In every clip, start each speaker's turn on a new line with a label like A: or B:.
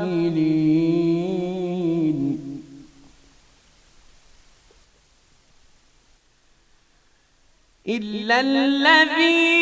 A: الغافلين إلا الذين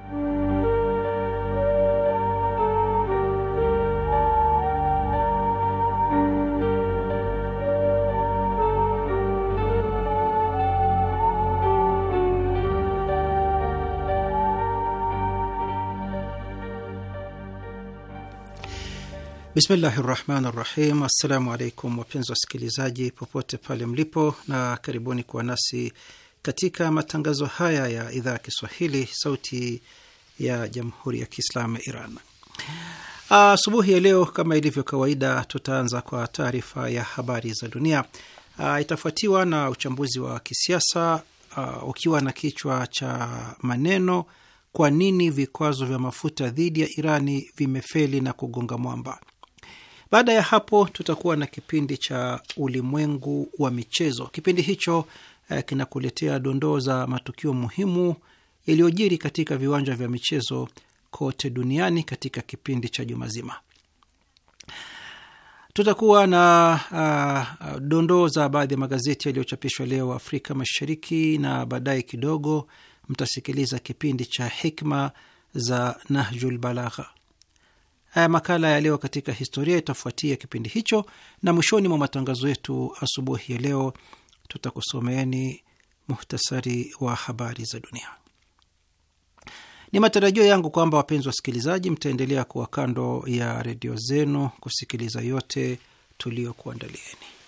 B: Bismillahi rahmani rahim. Assalamu alaikum wapenzi wasikilizaji popote pale mlipo, na karibuni kuwa nasi katika matangazo haya ya idhaa ya Kiswahili sauti ya jamhuri ya Kiislamu ya Iran. Asubuhi ya leo kama ilivyo kawaida, tutaanza kwa taarifa ya habari za dunia. A, itafuatiwa na uchambuzi wa kisiasa a, ukiwa na kichwa cha maneno, kwa nini vikwazo vya mafuta dhidi ya Irani vimefeli na kugonga mwamba baada ya hapo, tutakuwa na kipindi cha ulimwengu wa michezo. Kipindi hicho eh, kinakuletea dondoo za matukio muhimu yaliyojiri katika viwanja vya michezo kote duniani katika kipindi cha juma zima. Tutakuwa na uh, dondoo za baadhi ya magazeti yaliyochapishwa leo Afrika Mashariki, na baadaye kidogo mtasikiliza kipindi cha hikma za Nahjul Balagha. Makala ya leo katika historia itafuatia kipindi hicho, na mwishoni mwa matangazo yetu asubuhi ya leo tutakusomeeni muhtasari wa habari za dunia. Ni matarajio yangu kwamba wapenzi wasikilizaji, mtaendelea kuwa kando ya redio zenu kusikiliza yote tuliyokuandalieni.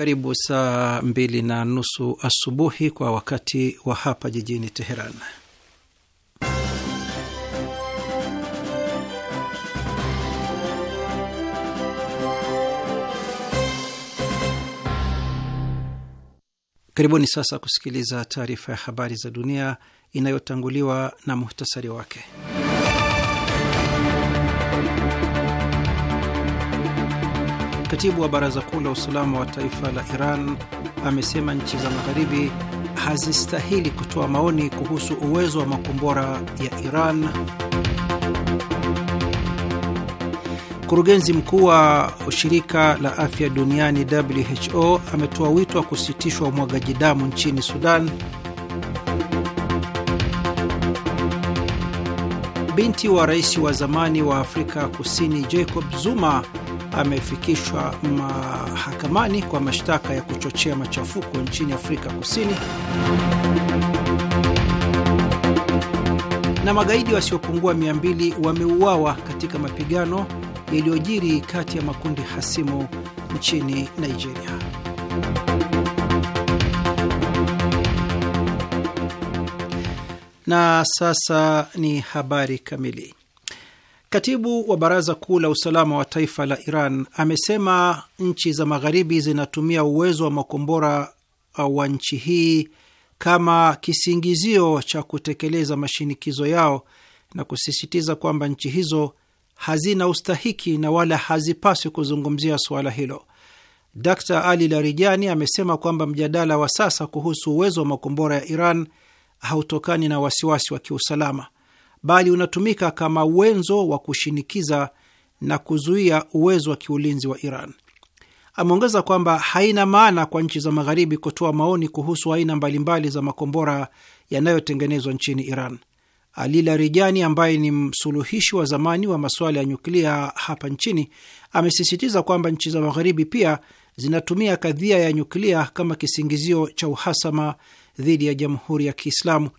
B: karibu saa mbili na nusu asubuhi kwa wakati wa hapa jijini Teheran. Karibuni sasa kusikiliza taarifa ya habari za dunia inayotanguliwa na muhtasari wake. Katibu wa Baraza Kuu la Usalama wa Taifa la Iran amesema nchi za Magharibi hazistahili kutoa maoni kuhusu uwezo wa makombora ya Iran. Mkurugenzi mkuu wa shirika la afya duniani WHO ametoa wito wa kusitishwa umwagaji damu nchini Sudan. Binti wa rais wa zamani wa Afrika Kusini Jacob Zuma amefikishwa mahakamani kwa mashtaka ya kuchochea machafuko nchini Afrika Kusini. Na magaidi wasiopungua 200 wameuawa katika mapigano yaliyojiri kati ya makundi hasimu nchini Nigeria. Na sasa ni habari kamili. Katibu wa Baraza Kuu la Usalama wa Taifa la Iran amesema nchi za Magharibi zinatumia uwezo wa makombora uh, wa nchi hii kama kisingizio cha kutekeleza mashinikizo yao na kusisitiza kwamba nchi hizo hazina ustahiki na wala hazipaswi kuzungumzia suala hilo. Dkt Ali Larijani amesema kwamba mjadala wa sasa kuhusu uwezo wa makombora ya Iran hautokani na wasiwasi wa kiusalama bali unatumika kama wenzo wa kushinikiza na kuzuia uwezo wa kiulinzi wa Iran. Ameongeza kwamba haina maana kwa nchi za Magharibi kutoa maoni kuhusu aina mbalimbali za makombora yanayotengenezwa nchini Iran. Alila Rijani ambaye ni msuluhishi wa zamani wa masuala ya nyuklia hapa nchini amesisitiza kwamba nchi za Magharibi pia zinatumia kadhia ya nyuklia kama kisingizio cha uhasama dhidi ya Jamhuri ya Kiislamu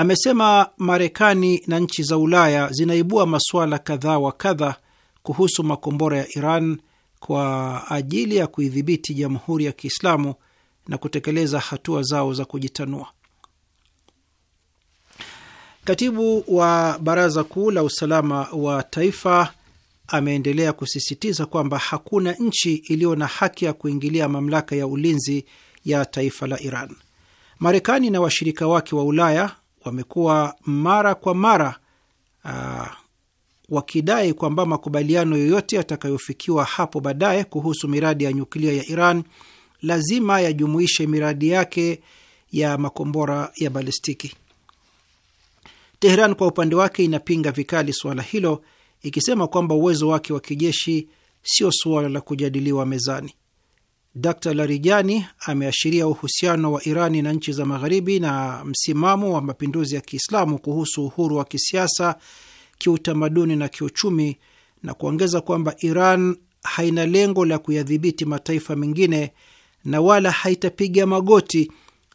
B: Amesema Marekani na nchi za Ulaya zinaibua masuala kadha wa kadha kuhusu makombora ya Iran kwa ajili ya kuidhibiti Jamhuri ya Kiislamu na kutekeleza hatua zao za kujitanua. Katibu wa Baraza Kuu la Usalama wa Taifa ameendelea kusisitiza kwamba hakuna nchi iliyo na haki ya kuingilia mamlaka ya ulinzi ya taifa la Iran. Marekani na washirika wake wa Ulaya wamekuwa mara kwa mara aa, ah, wakidai kwamba makubaliano yoyote yatakayofikiwa hapo baadaye kuhusu miradi ya nyuklia ya Iran lazima yajumuishe miradi yake ya makombora ya balistiki. Teheran kwa upande wake inapinga vikali suala hilo, ikisema kwamba uwezo wake wa kijeshi sio suala la kujadiliwa mezani. Dr Larijani ameashiria uhusiano wa Irani na nchi za Magharibi na msimamo wa mapinduzi ya Kiislamu kuhusu uhuru wa kisiasa, kiutamaduni na kiuchumi, na kuongeza kwamba Iran haina lengo la kuyadhibiti mataifa mengine na wala haitapiga magoti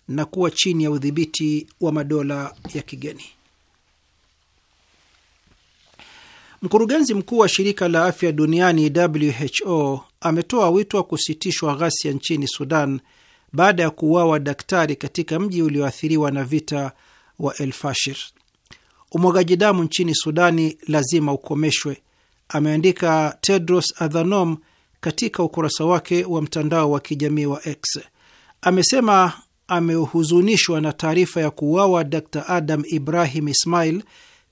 B: na kuwa chini ya udhibiti wa madola ya kigeni. Mkurugenzi mkuu wa shirika la afya duniani WHO ametoa wito wa kusitishwa ghasia nchini Sudan baada ya kuuawa daktari katika mji ulioathiriwa na vita wa El Fashir. Umwagaji damu nchini Sudani lazima ukomeshwe, ameandika Tedros Adhanom katika ukurasa wake wa mtandao wa kijamii wa X. Amesema amehuzunishwa na taarifa ya kuuawa Dr Adam Ibrahim Ismail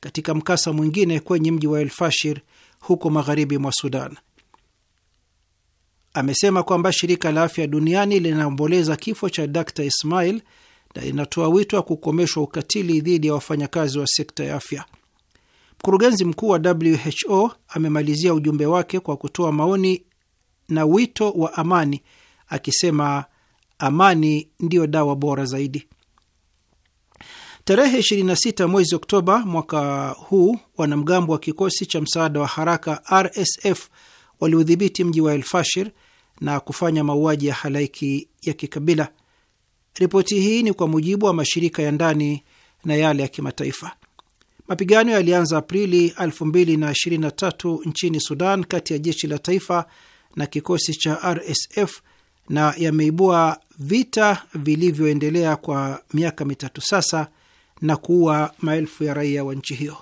B: katika mkasa mwingine kwenye mji wa El Fashir huko magharibi mwa Sudan. Amesema kwamba shirika la afya duniani linaomboleza kifo cha Dr Ismail na linatoa wito wa kukomeshwa ukatili dhidi ya wafanyakazi wa sekta ya afya. Mkurugenzi mkuu wa WHO amemalizia ujumbe wake kwa kutoa maoni na wito wa amani, akisema amani ndiyo dawa bora zaidi. Tarehe 26 mwezi Oktoba mwaka huu, wanamgambo wa kikosi cha msaada wa haraka RSF waliudhibiti mji wa elfashir na kufanya mauaji ya halaiki ya kikabila. Ripoti hii ni kwa mujibu wa mashirika ya ndani na yale ya kimataifa. Mapigano yalianza Aprili 2023 nchini Sudan kati ya jeshi la taifa na kikosi cha RSF na yameibua vita vilivyoendelea kwa miaka mitatu sasa na kuua maelfu ya raia wa nchi hiyo.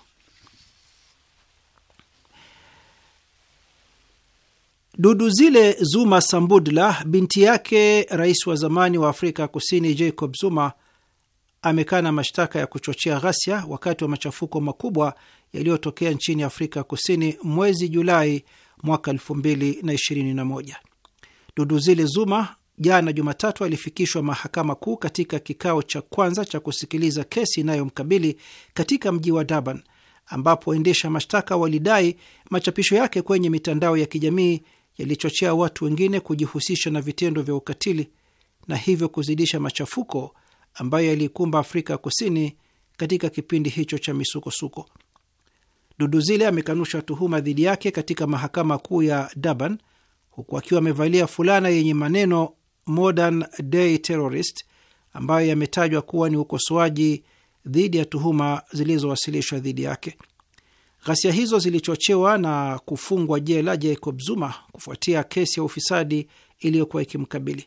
B: Dudu zile Zuma Sambudla, binti yake rais wa zamani wa Afrika Kusini Jacob Zuma, amekana mashtaka ya kuchochea ghasia wakati wa machafuko makubwa yaliyotokea nchini Afrika Kusini mwezi Julai mwaka 2021. Dudu zile Zuma jana Jumatatu alifikishwa mahakama kuu katika kikao cha kwanza cha kusikiliza kesi inayomkabili katika mji wa Durban, ambapo waendesha mashtaka walidai machapisho yake kwenye mitandao ya kijamii yalichochea watu wengine kujihusisha na vitendo vya ukatili na hivyo kuzidisha machafuko ambayo yaliikumba Afrika ya Kusini katika kipindi hicho cha misukosuko. Duduzile amekanusha tuhuma dhidi yake katika mahakama kuu ya Durban huku akiwa amevalia fulana yenye maneno Modern Day Terrorist ambayo yametajwa kuwa ni ukosoaji dhidi ya tuhuma zilizowasilishwa dhidi yake. Ghasia hizo zilichochewa na kufungwa jela Jacob Zuma kufuatia kesi ya ufisadi iliyokuwa ikimkabili.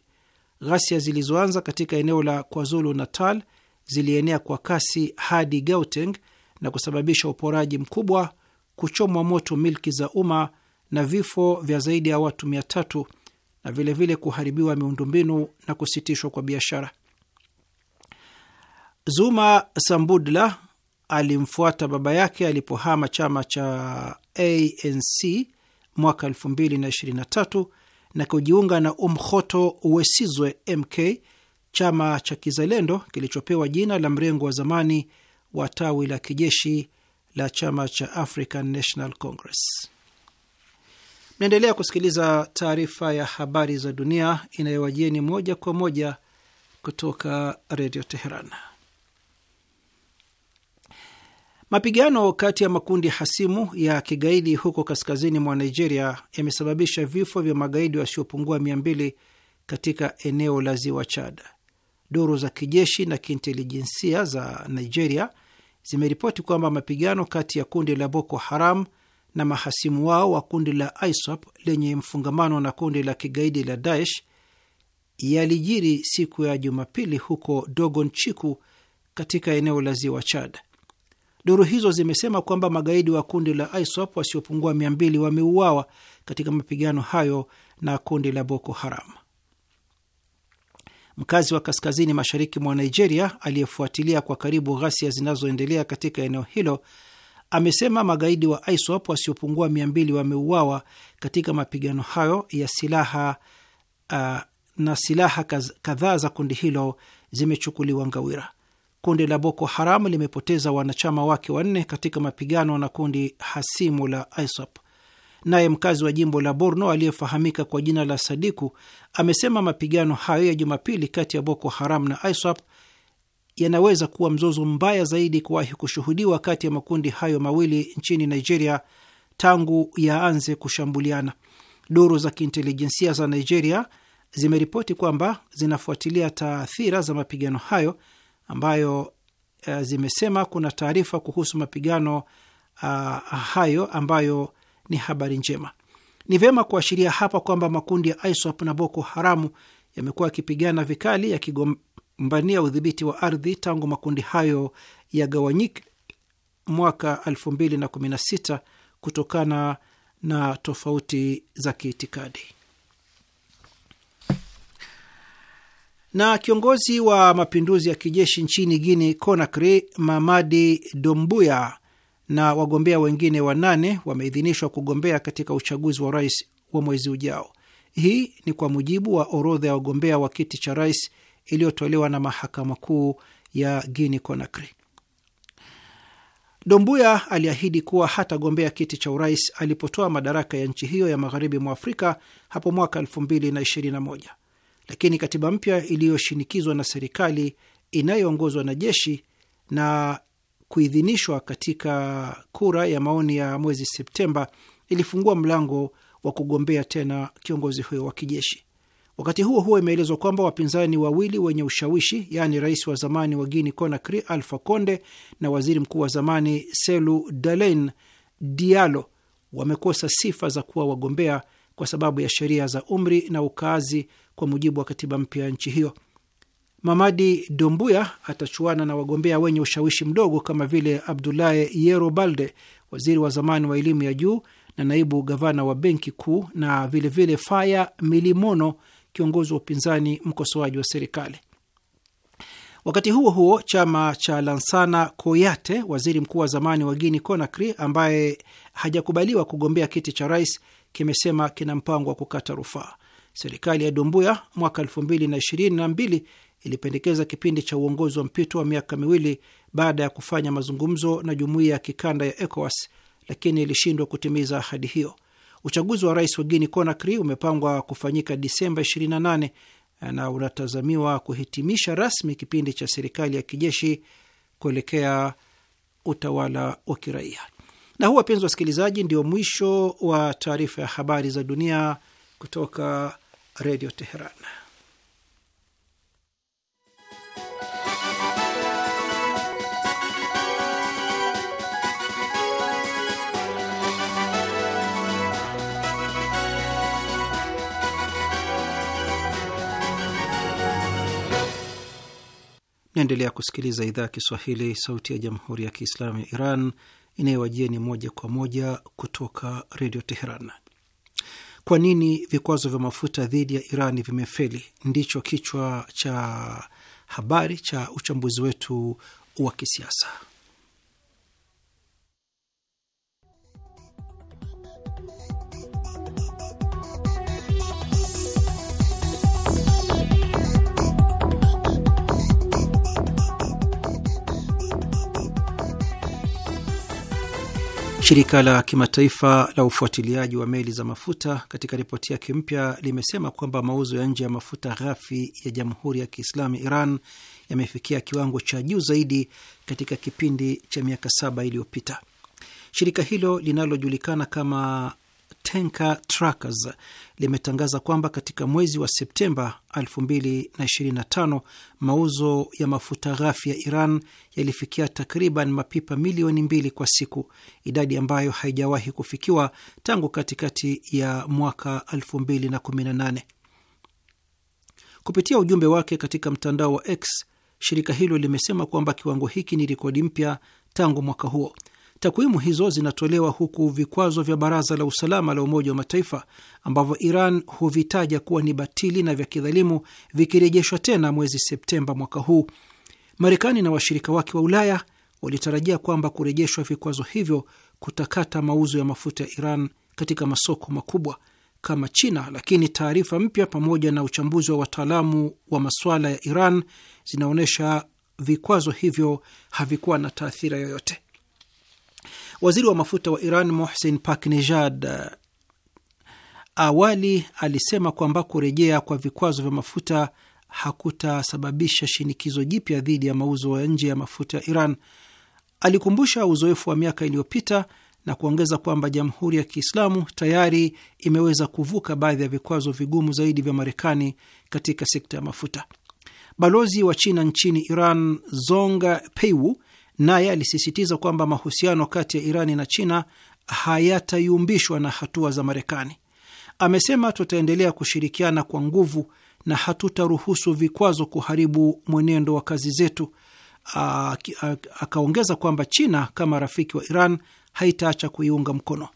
B: Ghasia zilizoanza katika eneo la KwaZulu Natal zilienea kwa kasi hadi Gauteng na kusababisha uporaji mkubwa, kuchomwa moto milki za umma na vifo vya zaidi ya watu mia tatu na vilevile vile kuharibiwa miundombinu na kusitishwa kwa biashara. Zuma Sambudla alimfuata baba yake alipohama chama cha ANC mwaka 2023 na kujiunga na umhoto Wesizwe MK, chama cha kizalendo kilichopewa jina la mrengo wa zamani wa tawi la kijeshi la chama cha African National Congress. Naendelea kusikiliza taarifa ya habari za dunia inayowajieni moja kwa moja kutoka redio Teheran. Mapigano kati ya makundi hasimu ya kigaidi huko kaskazini mwa Nigeria yamesababisha vifo vya magaidi wasiopungua mia mbili katika eneo la ziwa Chad. Duru za kijeshi na kiintelijensia za Nigeria zimeripoti kwamba mapigano kati ya kundi la Boko Haram na mahasimu wao wa kundi la ISWAP lenye mfungamano na kundi la kigaidi la Daesh yalijiri siku ya Jumapili huko Dogon Chiku katika eneo la ziwa Chad. Duru hizo zimesema kwamba magaidi wa kundi la ISWAP wasiopungua 200 wameuawa katika mapigano hayo na kundi la Boko Haram. Mkazi wa kaskazini mashariki mwa Nigeria aliyefuatilia kwa karibu ghasia zinazoendelea katika eneo hilo amesema magaidi wa ISWAP wasiopungua mbili wameuawa katika mapigano hayo ya silaha uh, na silaha kadhaa za kundi hilo zimechukuliwa ngawira. Kundi la Boko Haram limepoteza wanachama wake wanne katika mapigano na kundi hasimu la ISWAP. Naye mkazi wa jimbo la Borno aliyefahamika kwa jina la Sadiku amesema mapigano hayo ya Jumapili kati ya Boko Haram na ISWAP yanaweza kuwa mzozo mbaya zaidi kuwahi kushuhudiwa kati ya makundi hayo mawili nchini Nigeria tangu yaanze kushambuliana. Duru za kiintelijensia za Nigeria zimeripoti kwamba zinafuatilia taathira za mapigano hayo ambayo uh, zimesema kuna taarifa kuhusu mapigano uh, hayo ambayo ni habari njema. Ni vyema kuashiria hapa kwamba makundi ya ISWAP na Boko Haramu yamekuwa yakipigana vikali mbania udhibiti wa ardhi tangu makundi hayo yagawanyike mwaka 2016 kutokana na tofauti za kiitikadi. Na kiongozi wa mapinduzi ya kijeshi nchini Guini Conakry, Mamadi Dombuya na wagombea wengine wanane wameidhinishwa kugombea katika uchaguzi wa rais wa mwezi ujao. Hii ni kwa mujibu wa orodha ya wagombea wa kiti cha rais iliyotolewa na mahakama kuu ya guini Conakry. Dombuya aliahidi kuwa hatagombea kiti cha urais alipotoa madaraka ya nchi hiyo ya magharibi mwa Afrika hapo mwaka 2021, lakini katiba mpya iliyoshinikizwa na serikali inayoongozwa na jeshi na kuidhinishwa katika kura ya maoni ya mwezi Septemba ilifungua mlango wa kugombea tena kiongozi huyo wa kijeshi. Wakati huo huo, imeelezwa kwamba wapinzani wawili wenye ushawishi, yaani rais wa zamani wa Guinea Conakry Alpha Conde na waziri mkuu wa zamani Selu Dalein Dialo wamekosa sifa za kuwa wagombea kwa sababu ya sheria za umri na ukaazi kwa mujibu wa katiba mpya ya nchi hiyo. Mamadi Dombuya atachuana na wagombea wenye ushawishi mdogo kama vile abdulahi Yero Balde, waziri wa zamani wa elimu ya juu na naibu gavana wa benki kuu, na vilevile vile Faya Milimono kiongozi wa upinzani mkosoaji wa serikali. Wakati huo huo, chama cha Lansana Koyate, waziri mkuu wa zamani wa guini Conakry ambaye hajakubaliwa kugombea kiti cha rais, kimesema kina mpango wa kukata rufaa. Serikali ya Dumbuya mwaka 222 ilipendekeza kipindi cha uongozi wa mpito wa miaka miwili baada ya kufanya mazungumzo na jumuiya ya kikanda ya ECOWAS, lakini ilishindwa kutimiza ahadi hiyo. Uchaguzi wa rais wa guini Conakry umepangwa kufanyika Disemba 28 na unatazamiwa kuhitimisha rasmi kipindi cha serikali ya kijeshi kuelekea utawala wa kiraia. Na huu, wapenzi wasikilizaji, ndio mwisho wa taarifa ya habari za dunia kutoka Redio Teheran. Naendelea kusikiliza idhaa ya Kiswahili, sauti ya jamhuri ya kiislamu ya Iran inayowajieni moja kwa moja kutoka redio Teheran. Kwa nini vikwazo vya mafuta dhidi ya Iran vimefeli? Ndicho kichwa cha habari cha uchambuzi wetu wa kisiasa. Shirika la kimataifa la ufuatiliaji wa meli za mafuta katika ripoti yake mpya limesema kwamba mauzo ya nje ya mafuta ghafi ya Jamhuri ya Kiislamu Iran yamefikia kiwango cha juu zaidi katika kipindi cha miaka saba iliyopita. Shirika hilo linalojulikana kama Tanker Trackers limetangaza kwamba katika mwezi wa Septemba 2025 mauzo ya mafuta ghafi ya Iran yalifikia takriban mapipa milioni mbili kwa siku, idadi ambayo haijawahi kufikiwa tangu katikati ya mwaka 2018. Kupitia ujumbe wake katika mtandao wa X, shirika hilo limesema kwamba kiwango hiki ni rekodi mpya tangu mwaka huo Takwimu hizo zinatolewa huku vikwazo vya Baraza la Usalama la Umoja wa Mataifa ambavyo Iran huvitaja kuwa ni batili na vya kidhalimu vikirejeshwa tena mwezi Septemba mwaka huu. Marekani na washirika wake wa Ulaya walitarajia kwamba kurejeshwa vikwazo hivyo kutakata mauzo ya mafuta ya Iran katika masoko makubwa kama China, lakini taarifa mpya pamoja na uchambuzi wa wataalamu wa masuala ya Iran zinaonyesha vikwazo hivyo havikuwa na taathira yoyote. Waziri wa mafuta wa Iran Mohsin Paknejad awali alisema kwamba kurejea kwa vikwazo vya mafuta hakutasababisha shinikizo jipya dhidi ya mauzo ya nje ya mafuta ya Iran. Alikumbusha uzoefu wa miaka iliyopita na kuongeza kwamba Jamhuri ya Kiislamu tayari imeweza kuvuka baadhi ya vikwazo vigumu zaidi vya Marekani katika sekta ya mafuta. Balozi wa China nchini Iran Zonga Peiwu naye alisisitiza kwamba mahusiano kati ya Irani na China hayatayumbishwa na hatua za Marekani. Amesema tutaendelea kushirikiana kwa nguvu na hatutaruhusu vikwazo kuharibu mwenendo wa kazi zetu. Akaongeza kwamba China kama rafiki wa Iran haitaacha kuiunga mkono.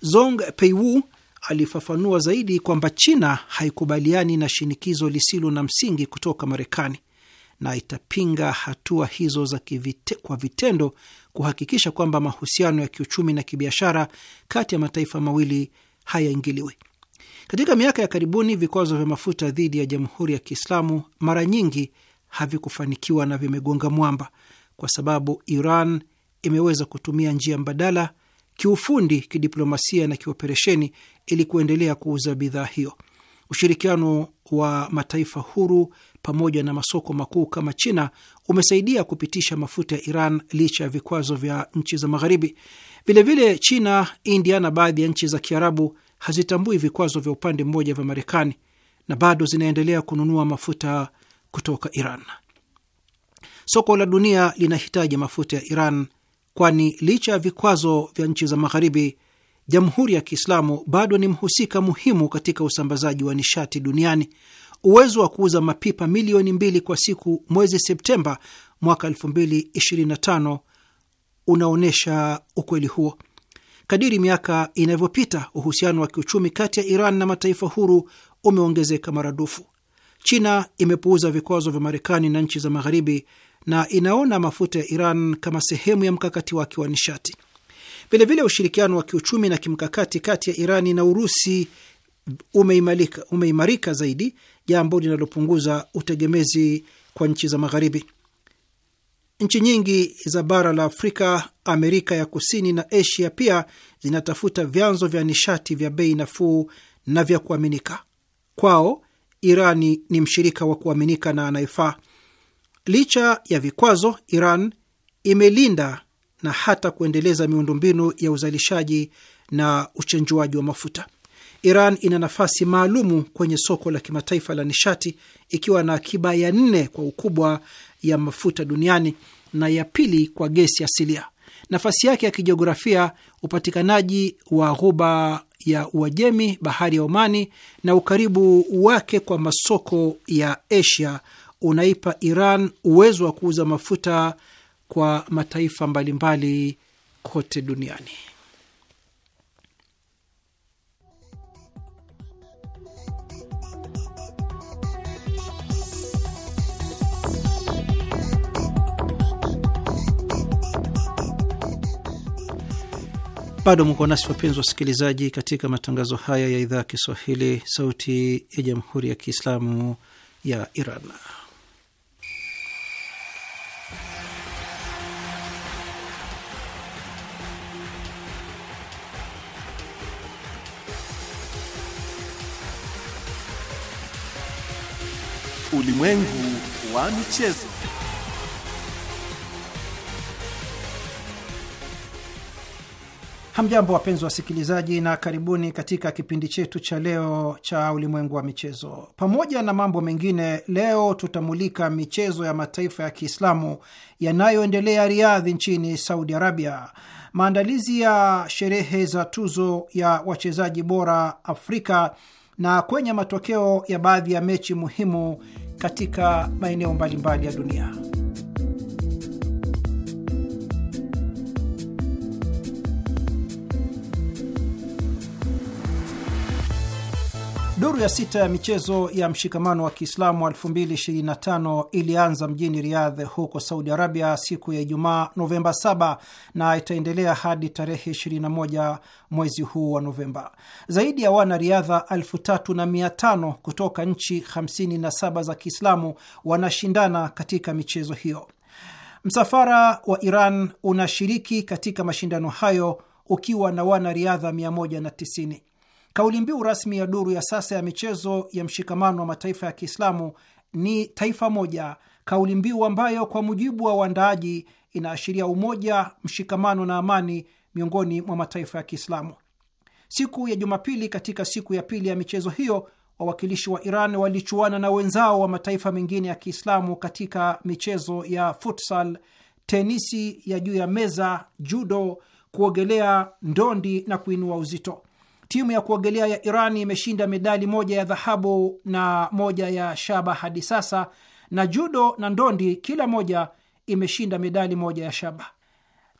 B: Zong Peiwu alifafanua zaidi kwamba China haikubaliani na shinikizo lisilo na msingi kutoka Marekani na itapinga hatua hizo za kivite, kwa vitendo kuhakikisha kwamba mahusiano ya kiuchumi na kibiashara kati ya mataifa mawili hayaingiliwe. Katika miaka ya karibuni, vikwazo vya mafuta dhidi ya Jamhuri ya Kiislamu mara nyingi havikufanikiwa na vimegonga mwamba kwa sababu Iran imeweza kutumia njia mbadala kiufundi, kidiplomasia na kioperesheni ili kuendelea kuuza bidhaa hiyo. Ushirikiano wa mataifa huru pamoja na masoko makuu kama China umesaidia kupitisha mafuta ya Iran licha ya vikwazo vya nchi za Magharibi. Vilevile, China, India na baadhi ya nchi za Kiarabu hazitambui vikwazo vya upande mmoja vya Marekani na bado zinaendelea kununua mafuta kutoka Iran. Soko la dunia linahitaji mafuta ya Iran, kwani licha ya vikwazo vya nchi za Magharibi, Jamhuri ya Kiislamu bado ni mhusika muhimu katika usambazaji wa nishati duniani. Uwezo wa kuuza mapipa milioni mbili kwa siku mwezi Septemba mwaka 2025 unaonyesha ukweli huo. Kadiri miaka inavyopita, uhusiano wa kiuchumi kati ya Iran na mataifa huru umeongezeka maradufu. China imepuuza vikwazo vya Marekani na nchi za Magharibi na inaona mafuta ya Iran kama sehemu ya mkakati wake wa nishati. Vilevile, ushirikiano wa kiuchumi na kimkakati kati ya Irani na Urusi umeimarika, umeimarika zaidi, jambo linalopunguza utegemezi kwa nchi za Magharibi. Nchi nyingi za bara la Afrika, Amerika ya Kusini na Asia pia zinatafuta vyanzo vya nishati vya bei nafuu na vya kuaminika. Kwao Irani ni mshirika wa kuaminika na anayefaa. Licha ya vikwazo, Iran imelinda na hata kuendeleza miundombinu ya uzalishaji na uchenjuaji wa mafuta. Iran ina nafasi maalumu kwenye soko la kimataifa la nishati ikiwa na akiba ya nne kwa ukubwa ya mafuta duniani na ya pili kwa gesi asilia. Nafasi yake ya kijiografia, upatikanaji wa ghuba ya Uajemi, bahari ya Omani na ukaribu wake kwa masoko ya Asia unaipa Iran uwezo wa kuuza mafuta kwa mataifa mbalimbali kote duniani. Bado mko nasi wapenzi wasikilizaji, katika matangazo haya ya idhaa ya Kiswahili, sauti ya jamhuri ya kiislamu ya Iran.
C: Ulimwengu wa michezo.
B: Hamjambo, wapenzi wasikilizaji, na karibuni katika kipindi chetu cha leo cha ulimwengu wa michezo. Pamoja na mambo mengine, leo tutamulika michezo ya mataifa ya Kiislamu yanayoendelea Riadhi nchini Saudi Arabia, maandalizi ya sherehe za tuzo ya wachezaji bora Afrika na kwenye matokeo ya baadhi ya mechi muhimu katika maeneo mbalimbali ya dunia. Duru ya sita ya michezo ya mshikamano wa Kiislamu 2025 ilianza mjini Riyadh huko Saudi Arabia siku ya Ijumaa Novemba 7 na itaendelea hadi tarehe 21 mwezi huu wa Novemba. Zaidi ya wanariadha 3500 kutoka nchi 57 za Kiislamu wanashindana katika michezo hiyo. Msafara wa Iran unashiriki katika mashindano hayo ukiwa na wanariadha 190. Kauli mbiu rasmi ya duru ya sasa ya michezo ya mshikamano wa mataifa ya Kiislamu ni taifa moja, kauli mbiu ambayo kwa mujibu wa uandaaji inaashiria umoja, mshikamano na amani miongoni mwa mataifa ya Kiislamu. Siku ya Jumapili, katika siku ya pili ya michezo hiyo, wawakilishi wa Iran walichuana na wenzao wa mataifa mengine ya Kiislamu katika michezo ya futsal, tenisi ya juu ya meza, judo, kuogelea, ndondi na kuinua uzito. Timu ya kuogelea ya Iran imeshinda medali moja ya dhahabu na moja ya shaba hadi sasa, na judo na ndondi kila moja imeshinda medali moja ya shaba.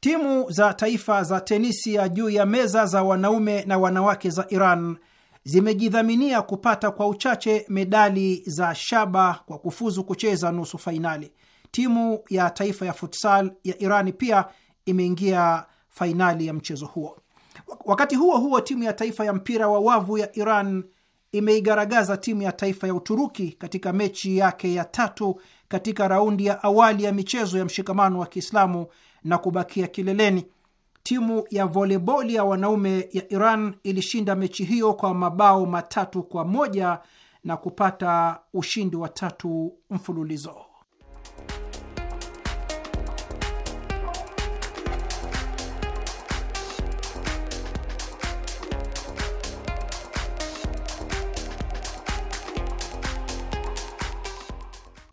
B: Timu za taifa za tenisi ya juu ya meza za wanaume na wanawake za Iran zimejidhaminia kupata kwa uchache medali za shaba kwa kufuzu kucheza nusu fainali. Timu ya taifa ya futsal ya Irani pia imeingia fainali ya mchezo huo. Wakati huo huo, timu ya taifa ya mpira wa wavu ya Iran imeigaragaza timu ya taifa ya Uturuki katika mechi yake ya tatu katika raundi ya awali ya michezo ya mshikamano wa Kiislamu na kubakia kileleni. Timu ya voleboli ya wanaume ya Iran ilishinda mechi hiyo kwa mabao matatu kwa moja na kupata ushindi wa tatu mfululizo.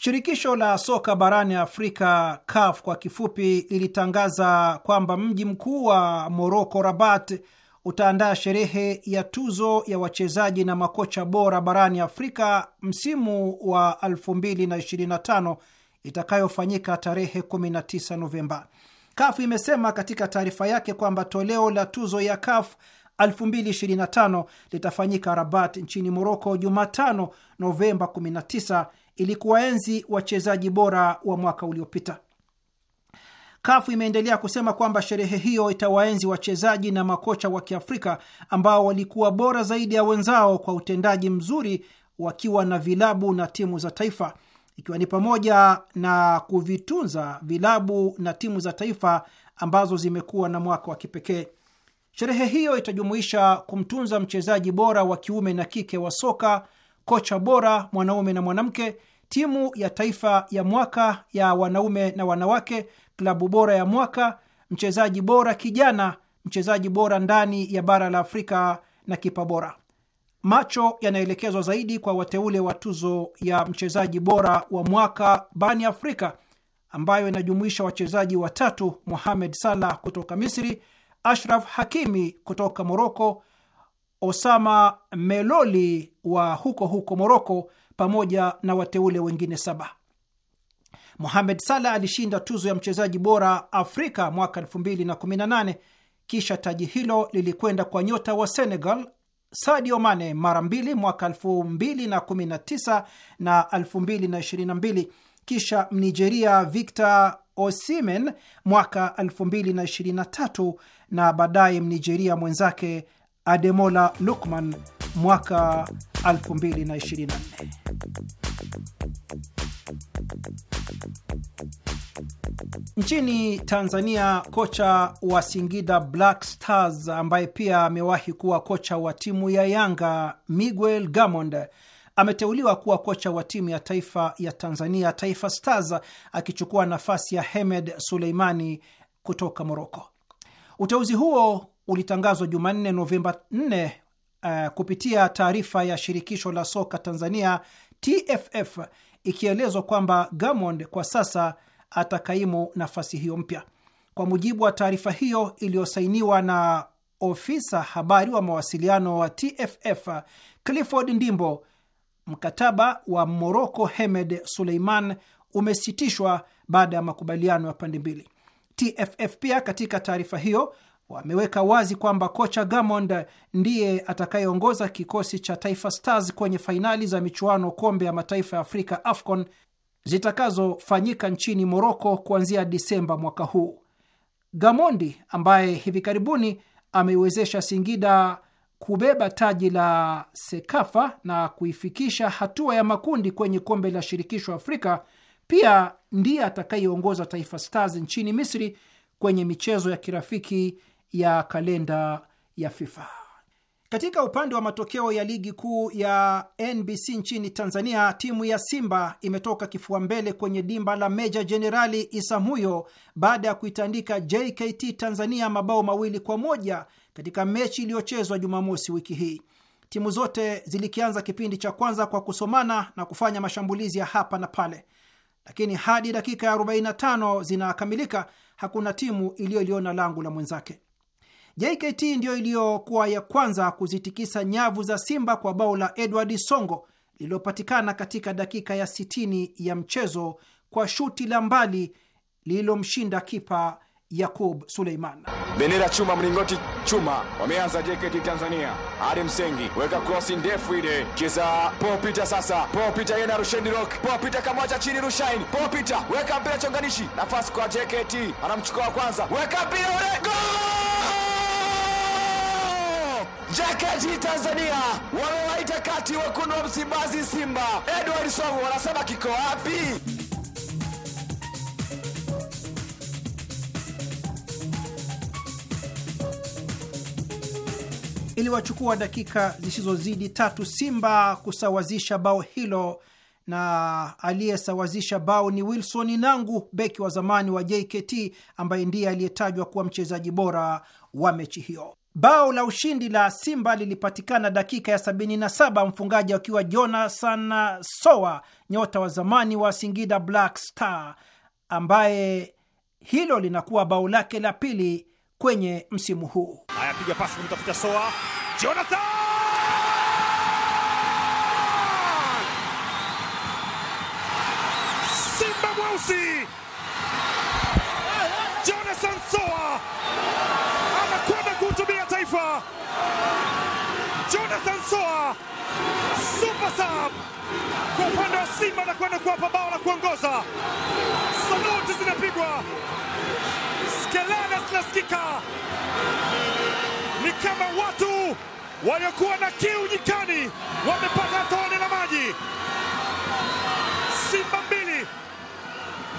B: Shirikisho la soka barani Afrika, CAF kwa kifupi, lilitangaza kwamba mji mkuu wa Moroko, Rabat, utaandaa sherehe ya tuzo ya wachezaji na makocha bora barani Afrika msimu wa 2025 itakayofanyika tarehe 19 Novemba. CAF imesema katika taarifa yake kwamba toleo la tuzo ya CAF 2025 litafanyika Rabat nchini Moroko Jumatano, Novemba 19 ili kuwaenzi wachezaji bora wa mwaka uliopita. Kafu imeendelea kusema kwamba sherehe hiyo itawaenzi wachezaji na makocha wa Kiafrika ambao walikuwa bora zaidi ya wenzao kwa utendaji mzuri wakiwa na vilabu na timu za taifa, ikiwa ni pamoja na kuvitunza vilabu na timu za taifa ambazo zimekuwa na mwaka wa kipekee. Sherehe hiyo itajumuisha kumtunza mchezaji bora wa kiume na kike wa soka kocha bora mwanaume na mwanamke, timu ya taifa ya mwaka ya wanaume na wanawake, klabu bora ya mwaka, mchezaji bora kijana, mchezaji bora ndani ya bara la Afrika na kipa bora. Macho yanaelekezwa zaidi kwa wateule wa tuzo ya mchezaji bora wa mwaka bani Afrika ambayo inajumuisha wachezaji watatu: Mohamed Salah kutoka Misri, Ashraf Hakimi kutoka Moroko Osama Meloli wa huko huko Moroko pamoja na wateule wengine saba. Mohamed Salah alishinda tuzo ya mchezaji bora Afrika mwaka 2018. Kisha taji hilo lilikwenda kwa nyota wa Senegal Sadio Mane mara mbili mwaka 2019 na 2022, kisha Mnigeria Victor Osimen mwaka 2023 na baadaye Mnigeria mwenzake Ademola Lukman mwaka 2024. Nchini Tanzania, kocha wa Singida Black Stars ambaye pia amewahi kuwa kocha wa timu ya Yanga, Miguel Gamond ameteuliwa kuwa kocha wa timu ya taifa ya Tanzania, Taifa Stars, akichukua nafasi ya Hemed Suleimani kutoka Moroko. Uteuzi huo ulitangazwa Jumanne, Novemba 4 uh, eh, kupitia taarifa ya shirikisho la soka Tanzania TFF ikielezwa kwamba Gamond kwa sasa atakaimu nafasi hiyo mpya. Kwa mujibu wa taarifa hiyo iliyosainiwa na ofisa habari wa mawasiliano wa TFF Clifford Ndimbo, mkataba wa Moroko Hemed Suleiman umesitishwa baada ya makubaliano ya pande mbili. TFF pia katika taarifa hiyo wameweka wazi kwamba kocha Gamond ndiye atakayeongoza kikosi cha Taifa Stars kwenye fainali za michuano kombe ya mataifa ya Afrika AFCON zitakazofanyika nchini Moroko kuanzia Disemba mwaka huu. Gamondi ambaye hivi karibuni ameiwezesha Singida kubeba taji la Sekafa na kuifikisha hatua ya makundi kwenye kombe la shirikisho Afrika, pia ndiye atakayeongoza Taifa Stars nchini Misri kwenye michezo ya kirafiki ya kalenda ya FIFA. Katika upande wa matokeo ya ligi kuu ya NBC nchini Tanzania, timu ya Simba imetoka kifua mbele kwenye dimba la Meja Jenerali Isamuyo baada ya kuitandika JKT Tanzania mabao mawili kwa moja katika mechi iliyochezwa Jumamosi wiki hii. Timu zote zilikianza kipindi cha kwanza kwa kusomana na kufanya mashambulizi ya hapa na pale, lakini hadi dakika ya 45 zinakamilika hakuna timu iliyoliona langu la mwenzake. JKT ndiyo iliyokuwa ya kwanza kuzitikisa nyavu za Simba kwa bao la Edward Songo lililopatikana katika dakika ya 60 ya mchezo kwa shuti la mbali lililomshinda kipa Yakub Suleiman.
C: Bendera chuma, mlingoti chuma, wameanza JKT Tanzania. Adi Msengi weka krosi ndefu ile, cheza popita sasa, popita yena Rushaini Rock, popita kamwacha chini Rushaini, popita weka mpira chonganishi, nafasi kwa JKT, anamchukua wa kwanza, weka mpira ule,
D: gol!
C: JKT Tanzania
A: wamewaita kati wekundu wa Msimbazi Simba. Edward Songo wanasema kiko wapi?
B: Iliwachukua dakika zisizozidi tatu Simba kusawazisha bao hilo, na aliyesawazisha bao ni Wilson Nangu, beki wa zamani wa JKT ambaye ndiye aliyetajwa kuwa mchezaji bora wa mechi hiyo. Bao la ushindi la Simba lilipatikana dakika ya 77 mfungaji akiwa Jonathan Sowa, nyota wa zamani wa Singida Black Star, ambaye hilo linakuwa bao lake la pili kwenye msimu huu. Ayapiga pasi kumtafuta Soa. Jonathan
A: Jonathan Soa super sub kwa upande wa Simba na kwenda kuwapa bao la kuongoza. Saluti zinapigwa, skelele zinasikika, ni kama watu waliokuwa na kiu nyikani
B: wamepata tone la maji. Simba mbili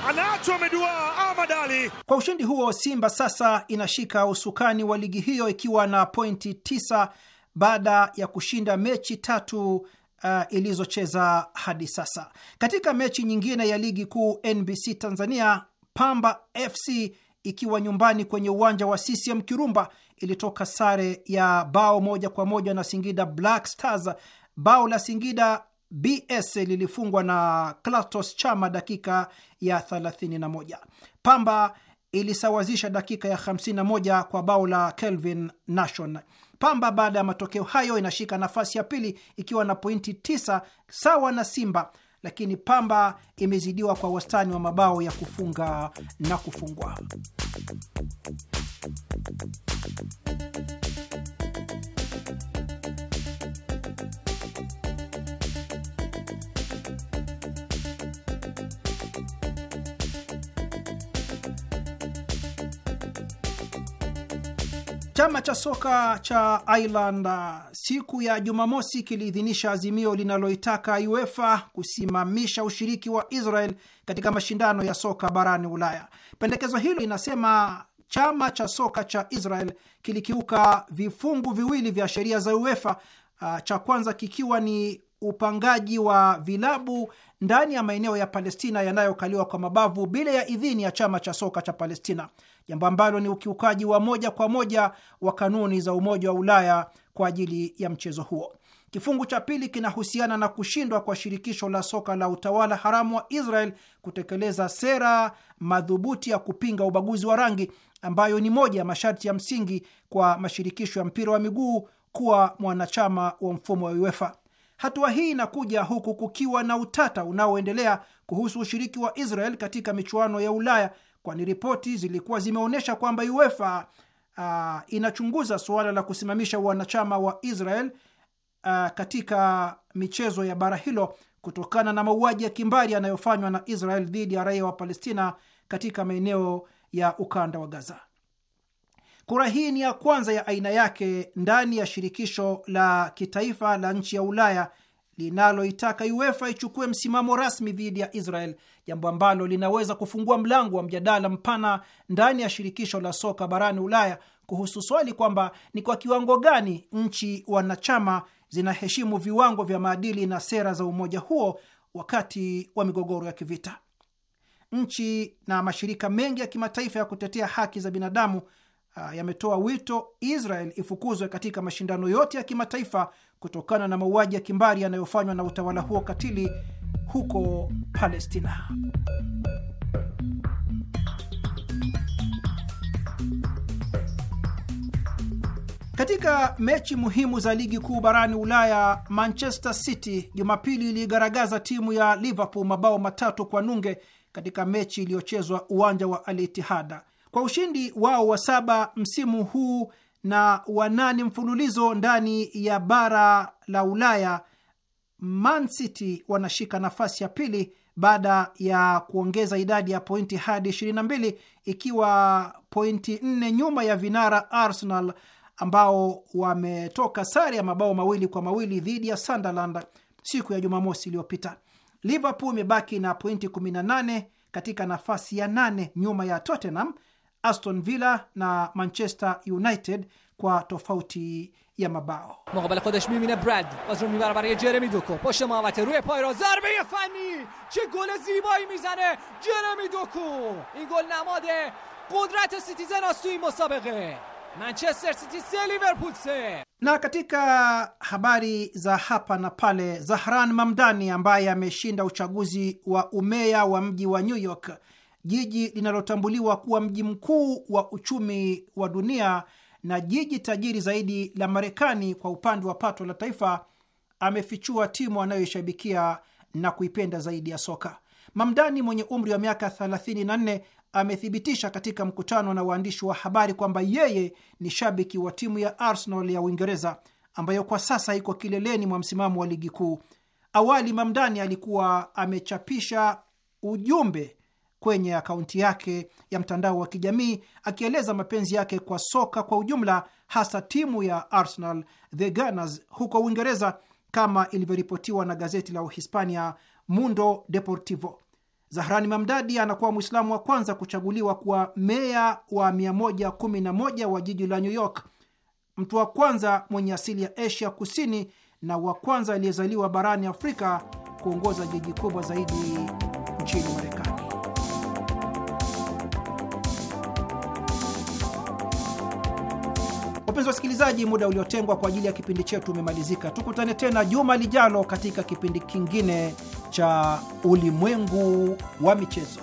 B: anaachwa amedua Ahmad Ali. Kwa ushindi huo, Simba sasa inashika usukani wa ligi hiyo ikiwa na pointi tisa baada ya kushinda mechi tatu Uh, ilizocheza hadi sasa. Katika mechi nyingine ya ligi kuu NBC Tanzania, Pamba FC ikiwa nyumbani kwenye uwanja wa CCM Kirumba ilitoka sare ya bao moja kwa moja na Singida Black Stars. Bao la Singida BS lilifungwa na Clatos Chama dakika ya 31. Pamba ilisawazisha dakika ya 51 kwa bao la Kelvin nation Pamba baada ya matokeo hayo inashika nafasi ya pili ikiwa na pointi 9 sawa na Simba, lakini Pamba imezidiwa kwa wastani wa mabao ya kufunga na kufungwa. Chama cha soka cha Ireland siku ya Jumamosi kiliidhinisha azimio linaloitaka UEFA kusimamisha ushiriki wa Israel katika mashindano ya soka barani Ulaya. Pendekezo hilo linasema chama cha soka cha Israel kilikiuka vifungu viwili vya sheria za UEFA, cha kwanza kikiwa ni upangaji wa vilabu ndani ya maeneo ya Palestina yanayokaliwa kwa mabavu bila ya idhini ya chama cha soka cha Palestina jambo ambalo ni ukiukaji wa moja kwa moja wa kanuni za Umoja wa Ulaya kwa ajili ya mchezo huo. Kifungu cha pili kinahusiana na kushindwa kwa shirikisho la soka la utawala haramu wa Israel kutekeleza sera madhubuti ya kupinga ubaguzi wa rangi ambayo ni moja ya masharti ya msingi kwa mashirikisho ya mpira wa miguu kuwa mwanachama wa mfumo wa UEFA. Hatua hii inakuja huku kukiwa na utata unaoendelea kuhusu ushiriki wa Israel katika michuano ya Ulaya, kwani ripoti zilikuwa zimeonyesha kwamba UEFA uh, inachunguza suala la kusimamisha wanachama wa Israel uh, katika michezo ya bara hilo kutokana na mauaji ya kimbari yanayofanywa na Israel dhidi ya raia wa Palestina katika maeneo ya ukanda wa Gaza. Kura hii ni ya kwanza ya aina yake ndani ya shirikisho la kitaifa la nchi ya Ulaya linaloitaka UEFA ichukue msimamo rasmi dhidi ya Israel, jambo ambalo linaweza kufungua mlango wa mjadala mpana ndani ya shirikisho la soka barani Ulaya kuhusu swali kwamba ni kwa kiwango gani nchi wanachama zinaheshimu viwango vya maadili na sera za umoja huo wakati wa migogoro ya kivita. Nchi na mashirika mengi ya kimataifa ya kutetea haki za binadamu Ah, yametoa wito Israel ifukuzwe katika mashindano yote ya kimataifa kutokana na mauaji ya kimbari yanayofanywa na utawala huo katili huko Palestina. Katika mechi muhimu za ligi kuu barani Ulaya, Manchester City Jumapili iliigaragaza timu ya Liverpool mabao matatu kwa nunge katika mechi iliyochezwa uwanja wa Al kwa ushindi wao wa saba msimu huu na wanane mfululizo ndani ya bara la Ulaya, Man City wanashika nafasi ya pili baada ya kuongeza idadi ya pointi hadi 22 ikiwa pointi nne nyuma ya vinara Arsenal ambao wametoka sare ya mabao mawili kwa mawili dhidi ya Sunderland siku ya Jumamosi iliyopita. Liverpool imebaki na pointi 18 katika nafasi ya nane nyuma ya Tottenham Aston Villa na Manchester United kwa tofauti ya mabao. muqabala khodesh mimina brad baz ro mibara baraye jeremi doko poshte mohammate roye payra zarbaye fani che gol zibayi mizane
A: jeremi doko in gol namade qudrat citizen as toyi musabaqe manchester city se liverpool se
B: na katika habari za hapa na pale, Zahran Mamdani ambaye ameshinda uchaguzi wa umeya wa mji wa New York jiji linalotambuliwa kuwa mji mkuu wa uchumi wa dunia na jiji tajiri zaidi la Marekani kwa upande wa pato la taifa, amefichua timu anayoishabikia na kuipenda zaidi ya soka. Mamdani mwenye umri wa miaka 34 amethibitisha katika mkutano na waandishi wa habari kwamba yeye ni shabiki wa timu ya Arsenal ya Uingereza ambayo kwa sasa iko kileleni mwa msimamo wa ligi kuu. Awali Mamdani alikuwa amechapisha ujumbe kwenye akaunti yake ya mtandao wa kijamii akieleza mapenzi yake kwa soka kwa ujumla, hasa timu ya Arsenal the Gunners huko Uingereza, kama ilivyoripotiwa na gazeti la Uhispania Mundo Deportivo. Zahrani Mamdadi anakuwa Mwislamu wa kwanza kuchaguliwa kuwa meya wa 111 wa jiji la New York, mtu wa kwanza mwenye asili ya Asia Kusini na wa kwanza aliyezaliwa barani Afrika kuongoza jiji kubwa zaidi nchini Marekani. Wapenzi wasikilizaji, muda uliotengwa kwa ajili ya kipindi chetu umemalizika. Tukutane tena juma lijalo katika kipindi kingine cha Ulimwengu wa Michezo.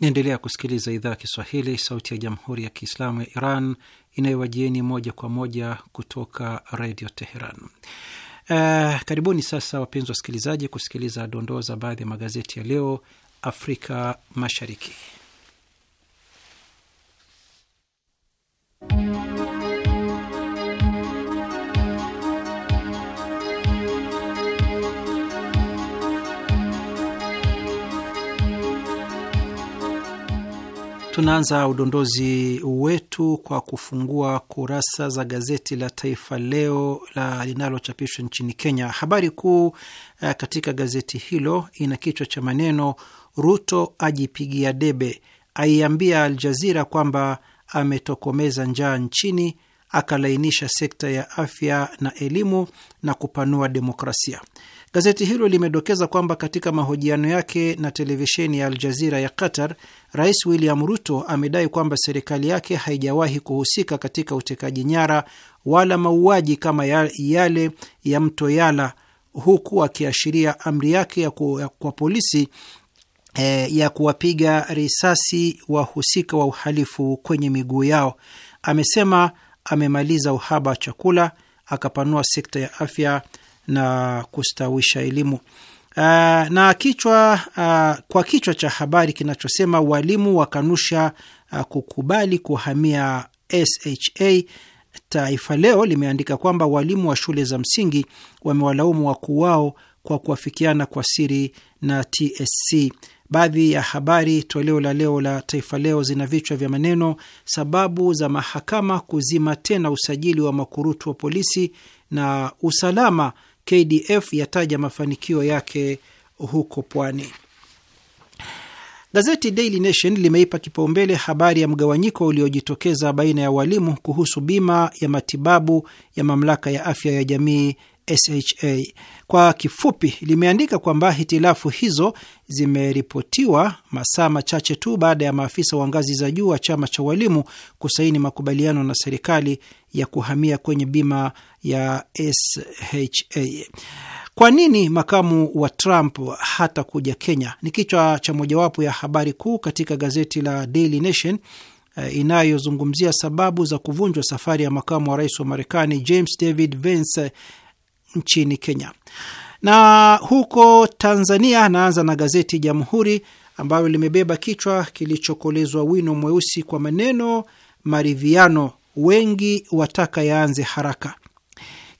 B: Naendelea kusikiliza idhaa ya Kiswahili, sauti ya jamhuri ya kiislamu ya Iran inayowajieni moja kwa moja kutoka redio Teheran. Uh, karibuni sasa wapenzi wasikilizaji, kusikiliza dondoo za baadhi ya magazeti ya leo Afrika Mashariki. tunaanza udondozi wetu kwa kufungua kurasa za gazeti la Taifa Leo la linalochapishwa nchini Kenya. Habari kuu eh, katika gazeti hilo ina kichwa cha maneno Ruto ajipigia debe, aiambia Al kwamba ametokomeza njaa nchini, akalainisha sekta ya afya na elimu na kupanua demokrasia. Gazeti hilo limedokeza kwamba katika mahojiano yake na televisheni ya Aljazira ya Qatar, Rais William Ruto amedai kwamba serikali yake haijawahi kuhusika katika utekaji nyara wala mauaji kama yale ya Mto Yala, huku akiashiria amri yake ya kwa polisi eh, ya kuwapiga risasi wahusika wa uhalifu kwenye miguu yao. Amesema amemaliza uhaba wa chakula, akapanua sekta ya afya na kustawisha elimu. Uh, na kichwa uh, kwa kichwa cha habari kinachosema walimu wakanusha uh, kukubali kuhamia SHA, Taifa Leo limeandika kwamba walimu wa shule za msingi wamewalaumu wakuu wao kwa kuafikiana kwa siri na TSC. Baadhi ya habari toleo la leo la Taifa Leo zina vichwa vya maneno: sababu za mahakama kuzima tena usajili wa makurutu wa polisi, na usalama KDF yataja mafanikio yake huko pwani. Gazeti Daily Nation limeipa kipaumbele habari ya mgawanyiko uliojitokeza baina ya walimu kuhusu bima ya matibabu ya mamlaka ya afya ya jamii SHA. Kwa kifupi, limeandika kwamba hitilafu hizo zimeripotiwa masaa machache tu baada ya maafisa wa ngazi za juu wa chama cha walimu kusaini makubaliano na serikali ya kuhamia kwenye bima ya SHA. Kwa nini makamu wa Trump hata kuja Kenya ni kichwa cha mojawapo ya habari kuu katika gazeti la Daily Nation eh, inayozungumzia sababu za kuvunjwa safari ya makamu wa rais wa Marekani James David Vance eh, nchini Kenya. Na huko Tanzania, anaanza na gazeti Jamhuri ambalo limebeba kichwa kilichokolezwa wino mweusi kwa maneno maridhiano, wengi wataka yaanze haraka.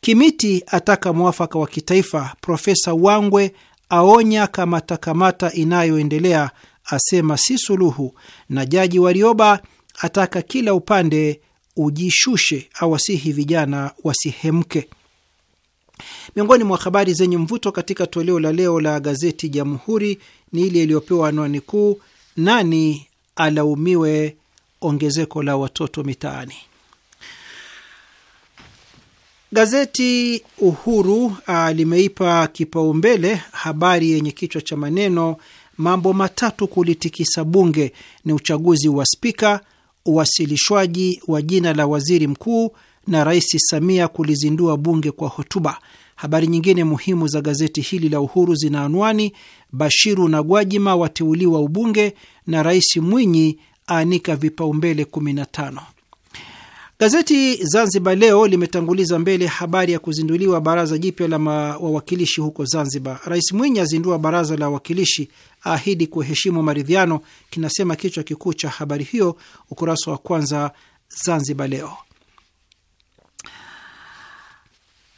B: Kimiti ataka mwafaka wa kitaifa. Profesa Wangwe aonya kamatakamata inayoendelea, asema si suluhu. Na Jaji Warioba ataka kila upande ujishushe, awasihi vijana wasihemke. Miongoni mwa habari zenye mvuto katika toleo la leo la gazeti Jamhuri ni ile iliyopewa anwani kuu, nani alaumiwe ongezeko la watoto mitaani. Gazeti Uhuru uh, limeipa kipaumbele habari yenye kichwa cha maneno mambo matatu kulitikisa bunge: ni uchaguzi wa spika, uwasilishwaji wa jina la waziri mkuu na Rais Samia kulizindua bunge kwa hotuba. Habari nyingine muhimu za gazeti hili la Uhuru zina anwani: Bashiru na Gwajima wateuliwa ubunge na Rais Mwinyi aanika vipaumbele 15. Gazeti Zanzibar Leo limetanguliza mbele habari ya kuzinduliwa baraza jipya la wawakilishi huko Zanzibar. Rais Mwinyi azindua baraza la wawakilishi, ahidi kuheshimu maridhiano, kinasema kichwa kikuu cha habari hiyo, ukurasa wa kwanza Zanzibar Leo.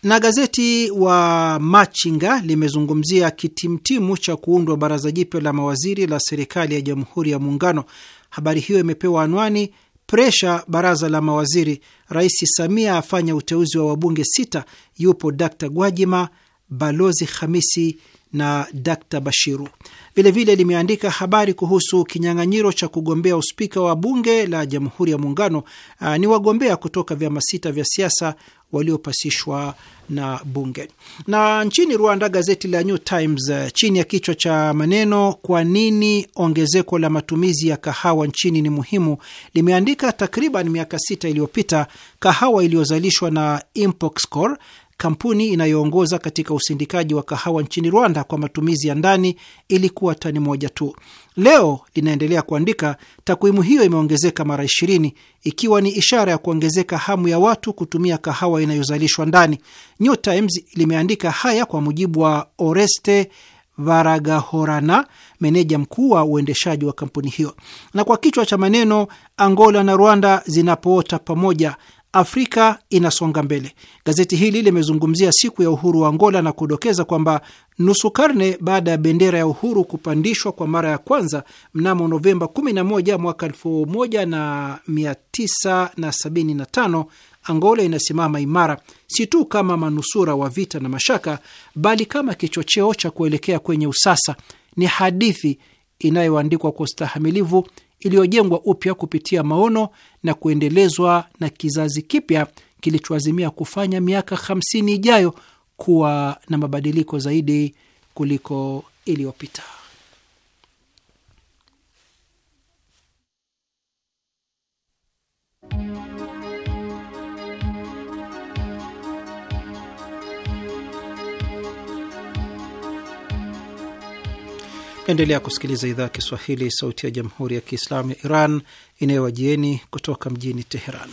B: Na gazeti wa Machinga limezungumzia kitimtimu cha kuundwa baraza jipya la mawaziri la serikali ya Jamhuri ya Muungano. Habari hiyo imepewa anwani presha baraza la mawaziri, Rais Samia afanya uteuzi wa wabunge sita, yupo Dkt Gwajima, Balozi Hamisi na d Bashiru. Vilevile limeandika habari kuhusu kinyang'anyiro cha kugombea uspika wa bunge la Jamhuri ya Muungano. Uh, ni wagombea kutoka vyama sita vya siasa waliopasishwa na bunge. Na nchini Rwanda, gazeti la New Times uh, chini ya kichwa cha maneno kwa nini ongezeko la matumizi ya kahawa nchini ni muhimu, limeandika takriban miaka sita iliyopita kahawa iliyozalishwa na Impoxcor kampuni inayoongoza katika usindikaji wa kahawa nchini Rwanda kwa matumizi ya ndani ilikuwa tani moja tu. Leo linaendelea kuandika, takwimu hiyo imeongezeka mara ishirini, ikiwa ni ishara ya kuongezeka hamu ya watu kutumia kahawa inayozalishwa ndani. New Times limeandika haya kwa mujibu wa Oreste Varagahorana, meneja mkuu wa uendeshaji wa kampuni hiyo, na kwa kichwa cha maneno Angola na Rwanda zinapoota pamoja, Afrika inasonga mbele. Gazeti hili limezungumzia siku ya uhuru wa Angola na kudokeza kwamba nusu karne baada ya bendera ya uhuru kupandishwa kwa mara ya kwanza mnamo Novemba 11 mwaka 1975, Angola inasimama imara, si tu kama manusura wa vita na mashaka, bali kama kichocheo cha kuelekea kwenye usasa. Ni hadithi inayoandikwa kwa ustahamilivu, iliyojengwa upya kupitia maono na kuendelezwa na kizazi kipya kilichoazimia kufanya miaka 50 ijayo kuwa na mabadiliko zaidi kuliko iliyopita. Naendelea kusikiliza idhaa ya Kiswahili, sauti ya jamhuri ya kiislamu ya Iran inayowajieni kutoka mjini Teheran.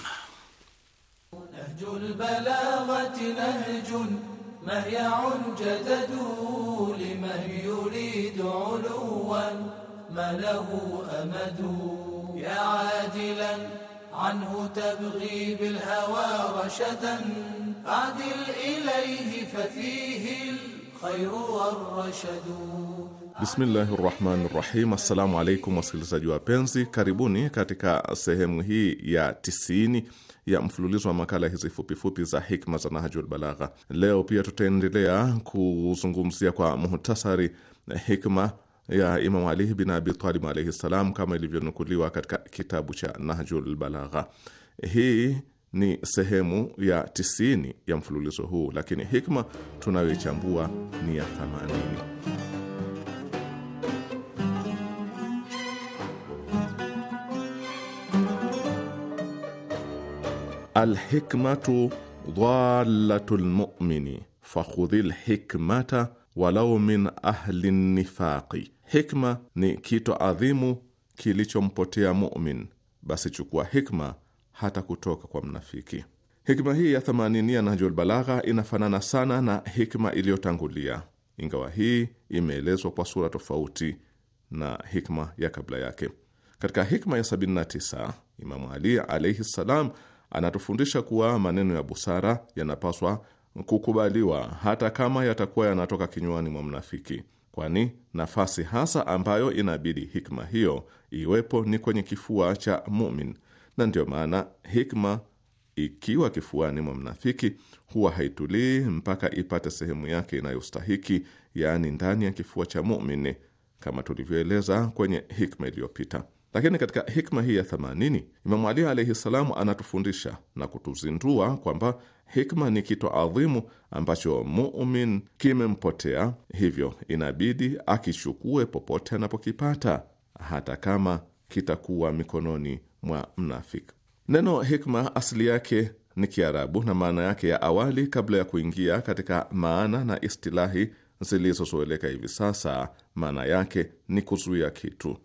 C: Bismillahi rahmani rahim. Assalamu alaikum wasikilizaji wapenzi, karibuni katika sehemu hii ya tisini ya mfululizo wa makala hizi fupifupi za hikma za Nahjul Balagha. Leo pia tutaendelea kuzungumzia kwa muhtasari hikma ya imamu Ali bin Abi Talib alaihi ssalam kama ilivyonukuliwa katika kitabu cha Nahjul Balagha. Hii ni sehemu ya tisini ya mfululizo huu, lakini hikma tunayoichambua ni ya themanini. alhikmatu dhalatu lmumini fakhudhi lhikmata walau min ahli nifaqi, hikma ni kito adhimu kilichompotea mumin, basi chukua hikma hata kutoka kwa mnafiki. Hikma hii ya thamanini ya Nahjul Balagha inafanana sana na hikma iliyotangulia, ingawa hii imeelezwa kwa sura tofauti na hikma ya kabla yake. Katika hikma ya 79 Imamu Ali alaihi ssalam anatufundisha kuwa maneno ya busara yanapaswa kukubaliwa hata kama yatakuwa yanatoka kinywani mwa mnafiki, kwani nafasi hasa ambayo inabidi hikma hiyo iwepo ni kwenye kifua cha mumin, na ndiyo maana hikma ikiwa kifuani mwa mnafiki huwa haitulii mpaka ipate sehemu yake inayostahiki, yaani ndani ya kifua cha mumin, kama tulivyoeleza kwenye hikma iliyopita. Lakini katika hikma hii ya 80 Imamu Ali alaihi salamu anatufundisha na kutuzindua kwamba hikma ni kitu adhimu ambacho mumin kimempotea, hivyo inabidi akichukue popote anapokipata, hata kama kitakuwa mikononi mwa mnafik Neno hikma asili yake ni Kiarabu na maana yake ya awali, kabla ya kuingia katika maana na istilahi zilizozoeleka hivi sasa, maana yake ni kuzuia kitu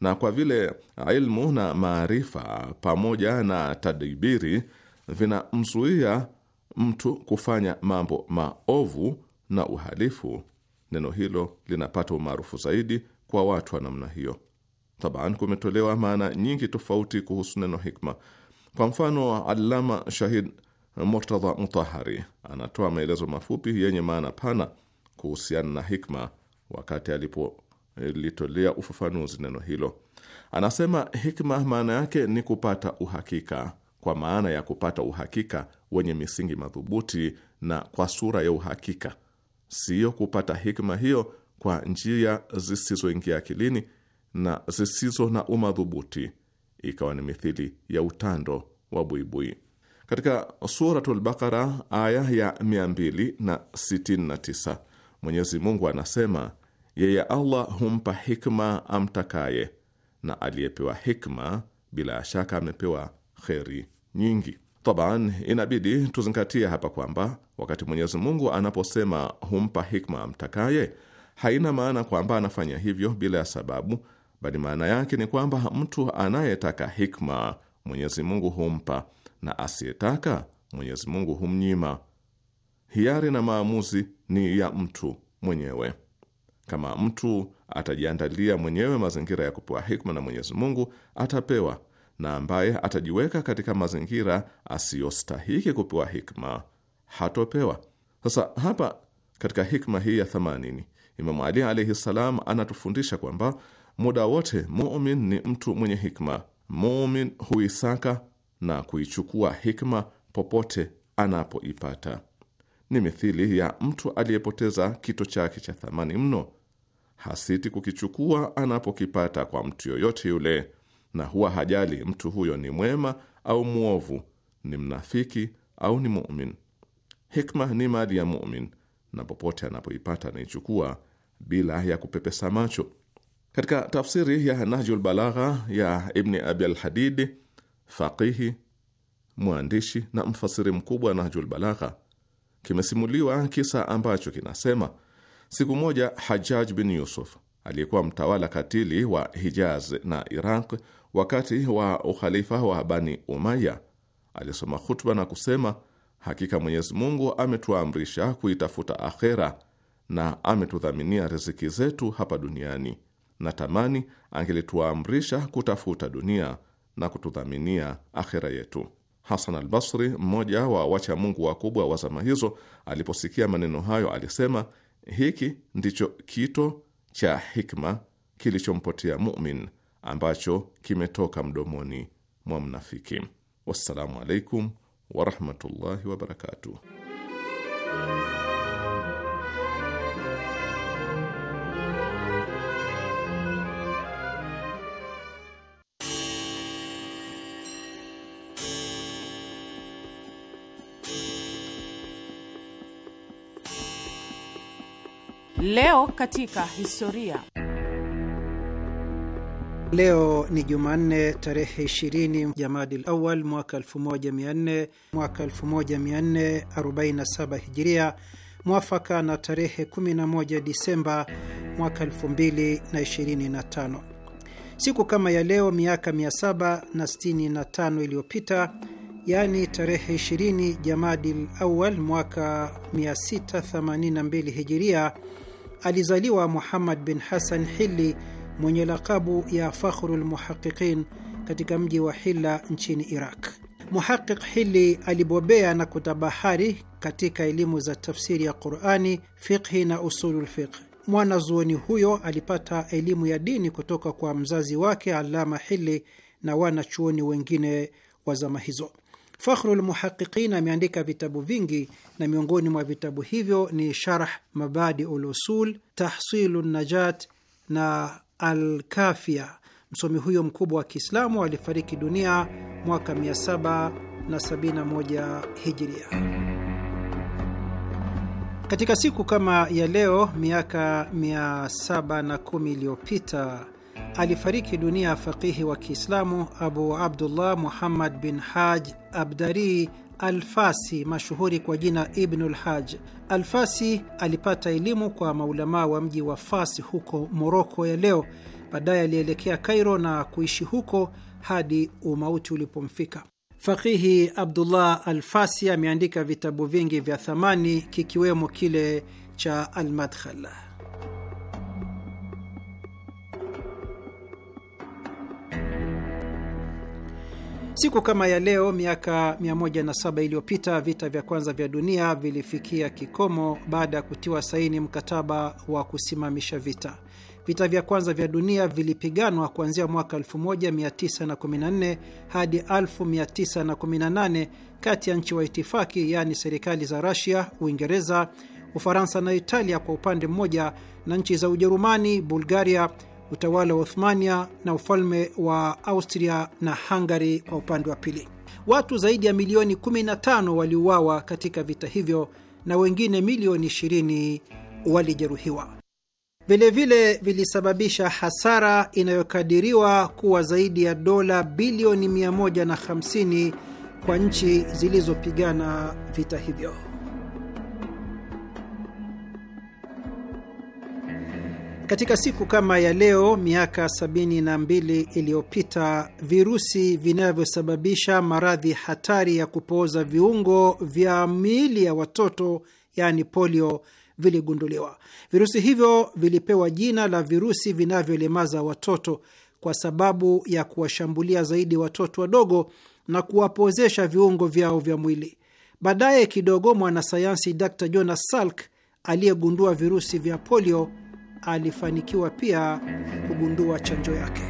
C: na kwa vile ah, ilmu na maarifa pamoja na tadibiri vinamzuia mtu kufanya mambo maovu na uhalifu, neno hilo linapata umaarufu zaidi kwa watu wa namna hiyo. Taban, kumetolewa maana nyingi tofauti kuhusu neno hikma. Kwa mfano, Allama Shahid Murtadha Mutahari anatoa maelezo mafupi yenye maana pana kuhusiana na hikma wakati alipo lilitolea eh, ufafanuzi neno hilo. Anasema hikma maana yake ni kupata uhakika, kwa maana ya kupata uhakika wenye misingi madhubuti na kwa sura ya uhakika, siyo kupata hikma hiyo kwa njia zisizoingia akilini na zisizo na umadhubuti, ikawa ni mithili ya utando wa buibui. Katika Suratul aya ya 269 Mwenyezi Mungu anasema yeye Allah humpa hikma amtakaye, na aliyepewa hikma bila shaka amepewa kheri nyingi. Taban, inabidi tuzingatie hapa kwamba wakati Mwenyezi Mungu anaposema humpa hikma amtakaye, haina maana kwamba anafanya hivyo bila ya sababu, bali maana yake ni kwamba mtu anayetaka hikma Mwenyezi Mungu humpa na asiyetaka Mwenyezi Mungu humnyima. Hiari na maamuzi ni ya mtu mwenyewe. Kama mtu atajiandalia mwenyewe mazingira ya kupewa hikma na Mwenyezi Mungu atapewa, na ambaye atajiweka katika mazingira asiyostahiki kupewa hikma hatopewa. Sasa hapa katika hikma hii ya thamanini, Imamu Ali alaihi ssalam anatufundisha kwamba muda wote mumin ni mtu mwenye hikma. Mumin huisaka na kuichukua hikma popote anapoipata. Ni mithili ya mtu aliyepoteza kito chake cha thamani mno hasiti kukichukua anapokipata kwa mtu yoyote yule, na huwa hajali mtu huyo ni mwema au mwovu, ni mnafiki au ni mumin. Hikma ni mali ya mumin, na popote anapoipata anaichukua bila ya kupepesa macho. Katika tafsiri ya Nahjul Balagha ya Ibni Abi Alhadidi, faqihi, mwandishi na mfasiri mkubwa wa Nahjul Balagha, kimesimuliwa kisa ambacho kinasema Siku moja hajaj bin Yusuf aliyekuwa mtawala katili wa Hijaz na Iraq wakati wa ukhalifa wa Bani Umaya alisoma khutba na kusema, hakika Mwenyezi Mungu ametuamrisha kuitafuta akhera na ametudhaminia riziki zetu hapa duniani, na tamani angelituamrisha kutafuta dunia na kutudhaminia akhera yetu. Hasan al Basri, mmoja wa wachamungu wakubwa wa zama hizo, aliposikia maneno hayo alisema hiki ndicho kito cha hikma kilichompotea mumin ambacho kimetoka mdomoni mwa mnafiki. Wassalamu alaikum warahmatullahi wabarakatuh.
A: Leo katika historia.
B: Leo ni Jumanne tarehe 20 Jamadil Awal mwaka 1400 mwaka 1447 Hijiria, mwafaka na tarehe 11 Disemba mwaka 2025. Siku kama ya leo miaka 765 iliyopita, yaani tarehe 20 Jamadil Awal mwaka 682 Hijiria alizaliwa Muhammad bin Hasan Hili mwenye lakabu ya Fakhrul Muhaqiqin katika mji wa Hilla nchini Iraq. Muhaqiq Hili alibobea na kutabahari katika elimu za tafsiri ya Qurani, fiqhi na usulul fiqh. Mwanazuoni huyo alipata elimu ya dini kutoka kwa mzazi wake Alama Hili na wanachuoni wengine wa zama hizo. Fakhrul Muhaqiqin ameandika vitabu vingi na miongoni mwa vitabu hivyo ni Sharh Mabadiul Usul, Tahsilu Najat na Alkafia. Msomi huyo mkubwa wa Kiislamu alifariki dunia mwaka 771 Hijiria. Katika siku kama ya leo miaka 710 iliyopita alifariki dunia ya faqihi wa Kiislamu Abu Abdullah Muhammad bin Haj Abdari Alfasi, mashuhuri kwa jina Ibnul Haj. Alfasi alipata elimu kwa maulamaa wa mji wa Fasi huko Moroko ya leo. Baadaye alielekea Kairo na kuishi huko hadi umauti ulipomfika. Fakihi Abdullah Alfasi ameandika vitabu vingi vya thamani kikiwemo kile cha Almadkhala. Siku kama ya leo miaka 107 iliyopita vita vya kwanza vya dunia vilifikia kikomo baada ya kutiwa saini mkataba wa kusimamisha vita. Vita vya kwanza vya dunia vilipiganwa kuanzia mwaka 1914 hadi 1918 kati ya nchi wa itifaki, yaani serikali za Rasia, Uingereza, Ufaransa na Italia kwa upande mmoja na nchi za Ujerumani, Bulgaria, utawala wa Uthmania na ufalme wa Austria na Hungary kwa upande wa pili. Watu zaidi ya milioni 15 waliuawa katika vita hivyo na wengine milioni 20 walijeruhiwa. Vilevile vilisababisha hasara inayokadiriwa kuwa zaidi ya dola bilioni 150 kwa nchi zilizopigana vita hivyo. Katika siku kama ya leo miaka 72 iliyopita virusi vinavyosababisha maradhi hatari ya kupooza viungo vya miili ya watoto yaani polio viligunduliwa. Virusi hivyo vilipewa jina la virusi vinavyolemaza watoto kwa sababu ya kuwashambulia zaidi watoto wadogo na kuwapozesha viungo vyao vya mwili. Baadaye kidogo, mwanasayansi Dr Jonas Salk aliyegundua virusi vya polio alifanikiwa pia kugundua chanjo yake.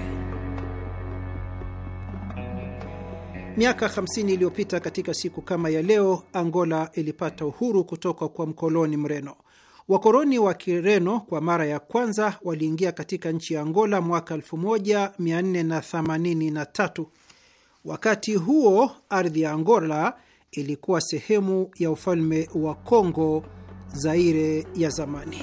B: Miaka 50 iliyopita katika siku kama ya leo, Angola ilipata uhuru kutoka kwa mkoloni Mreno. Wakoloni wa Kireno kwa mara ya kwanza waliingia katika nchi ya Angola mwaka 1483. Wakati huo ardhi ya Angola ilikuwa sehemu ya ufalme wa Kongo Zaire ya zamani.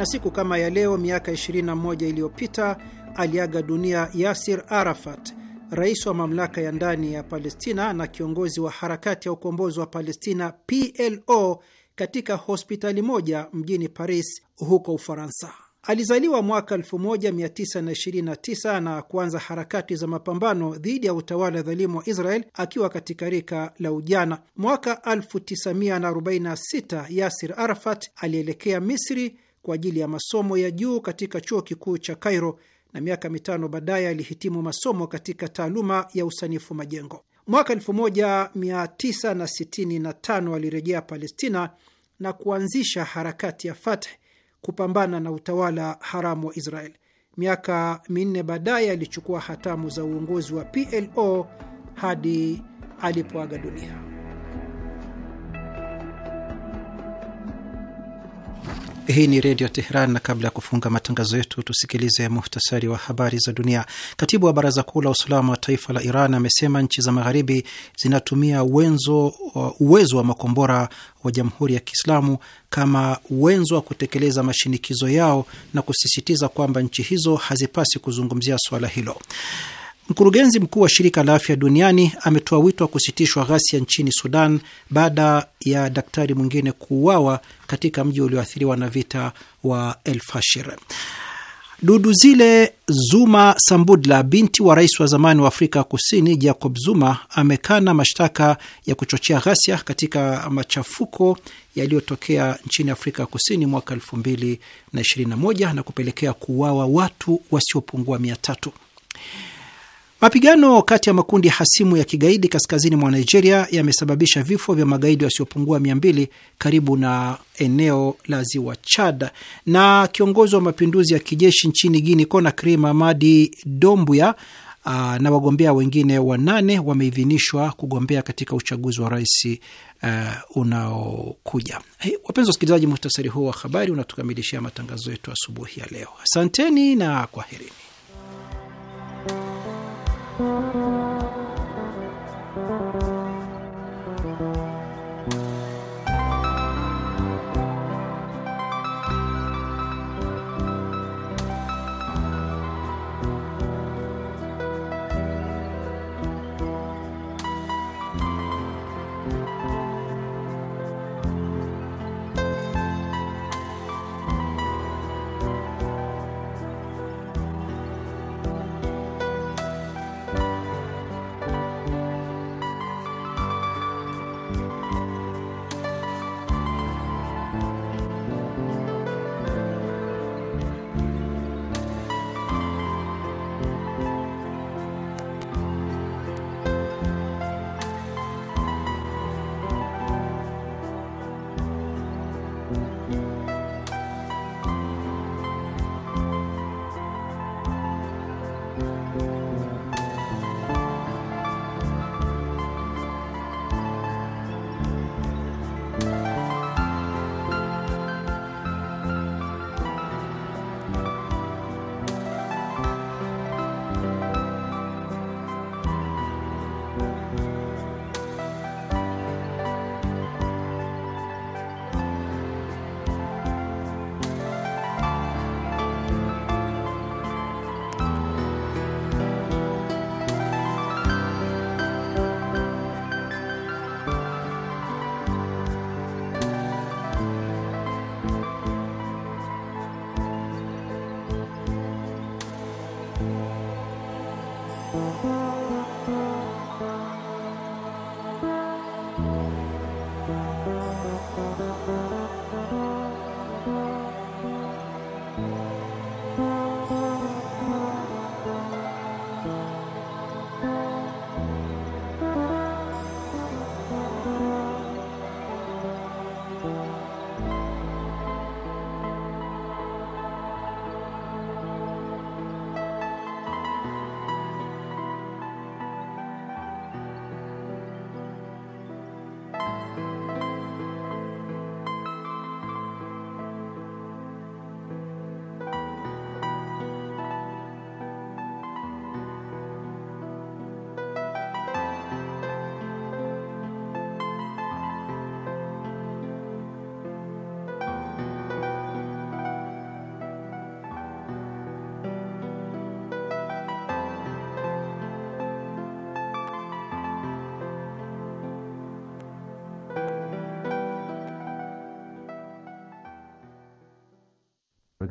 B: na siku kama ya leo miaka 21 iliyopita aliaga dunia Yasir Arafat, rais wa mamlaka ya ndani ya Palestina na kiongozi wa harakati ya ukombozi wa Palestina PLO katika hospitali moja mjini Paris huko Ufaransa. Alizaliwa mwaka 1929 na kuanza harakati za mapambano dhidi ya utawala dhalimu wa Israel akiwa katika rika la ujana. Mwaka 1946 Yasir Arafat alielekea Misri kwa ajili ya masomo ya juu katika chuo kikuu cha Cairo na miaka mitano baadaye alihitimu masomo katika taaluma ya usanifu majengo. Mwaka 1965 alirejea Palestina na kuanzisha harakati ya Fatah kupambana na utawala haramu wa Israel. Miaka minne baadaye alichukua hatamu za uongozi wa PLO hadi alipoaga dunia. Hii ni Redio Teheran, na kabla ya kufunga matangazo yetu tusikilize muhtasari wa habari za dunia. Katibu wa Baraza Kuu la Usalama wa Taifa la Iran amesema nchi za Magharibi zinatumia wenzo, uh, uwezo wa makombora wa Jamhuri ya Kiislamu kama wenzo wa kutekeleza mashinikizo yao na kusisitiza kwamba nchi hizo hazipasi kuzungumzia swala hilo. Mkurugenzi mkuu wa shirika la afya duniani ametoa wito wa kusitishwa ghasia nchini Sudan baada ya daktari mwingine kuuawa katika mji ulioathiriwa na vita wa El Fashir. Dudu zile Zuma Sambudla, binti wa rais wa zamani wa Afrika Kusini Jacob Zuma, amekana mashtaka ya kuchochea ghasia katika machafuko yaliyotokea nchini Afrika Kusini mwaka 2021 na kupelekea kuuawa watu wasiopungua mia tatu. Mapigano kati ya makundi hasimu ya kigaidi kaskazini mwa Nigeria yamesababisha vifo vya magaidi wasiopungua mia mbili karibu na eneo la ziwa Chad. Na kiongozi wa mapinduzi ya kijeshi nchini Guinea Conakry, Mamadi Dombuya ah, na wagombea wengine wanane wameidhinishwa kugombea katika uchaguzi wa rais uh, unaokuja. Hey, wapenzi wasikilizaji, muhtasari huu wa habari unatukamilishia matangazo yetu asubuhi ya leo. Asanteni na kwaherini.
D: Thank you.